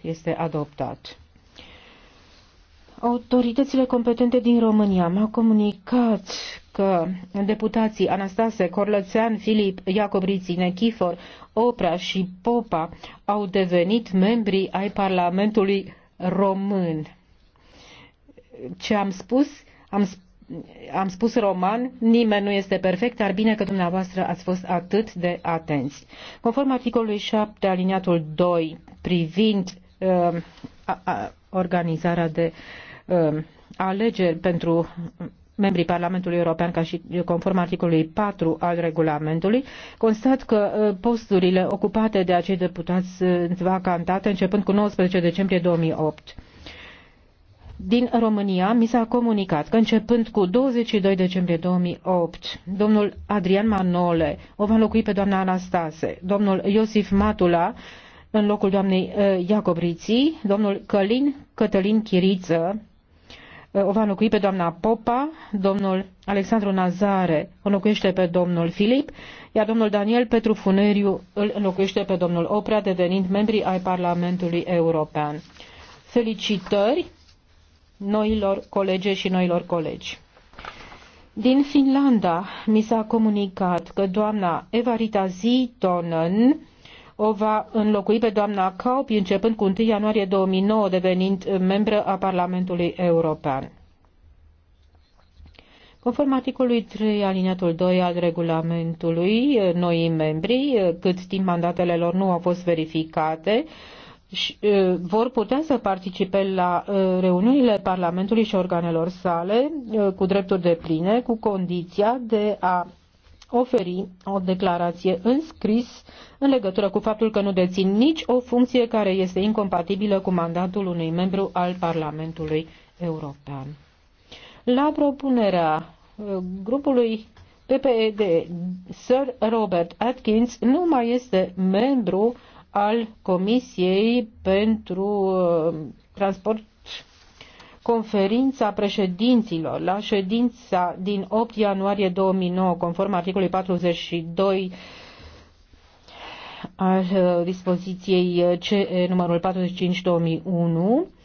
este adoptat. Autoritățile competente din România m-au comunicat că deputații Anastase, Corlățean, Filip, Iacobriți, Nechifor, Oprea și Popa au devenit membri ai Parlamentului Român. Ce am spus? Am spus am spus roman, nimeni nu este perfect, dar bine că dumneavoastră ați fost atât de atenți. Conform articolului 7, aliniatul 2, privind uh, organizarea de uh, alegeri pentru membrii Parlamentului European ca și conform articolului 4 al regulamentului, constat că uh, posturile ocupate de acei deputați sunt vacantate începând cu 19 decembrie 2008. Din România mi s-a comunicat că începând cu 22 decembrie 2008, domnul Adrian Manole o va locui pe doamna Anastase, domnul Iosif Matula în locul doamnei uh, Iacobriții, domnul Călin Cătălin Chiriță uh, o va înlocui pe doamna Popa, domnul Alexandru Nazare înlocuiește pe domnul Filip, iar domnul Daniel Petru Funeriu îl înlocuiește pe domnul Oprea, devenind membrii ai Parlamentului European. Felicitări noilor colege și noilor colegi. Din Finlanda mi s-a comunicat că doamna Evarita Zitonen o va înlocui pe doamna Caup, începând cu 1 ianuarie 2009, devenind membră a Parlamentului European. Conform articolului 3 aliniatul 2 al regulamentului, noii membri, cât timp mandatele lor nu au fost verificate, vor putea să participe la reuniunile Parlamentului și organelor sale cu drepturi de pline, cu condiția de a oferi o declarație în scris în legătură cu faptul că nu dețin nici o funcție care este incompatibilă cu mandatul unui membru al Parlamentului European. La propunerea uh, grupului PPED, Sir Robert Atkins nu mai este membru al Comisiei pentru uh, Transport conferința președinților la ședința din 8 ianuarie 2009, conform articolului 42 al uh, dispoziției uh, C, numărul 45-2001,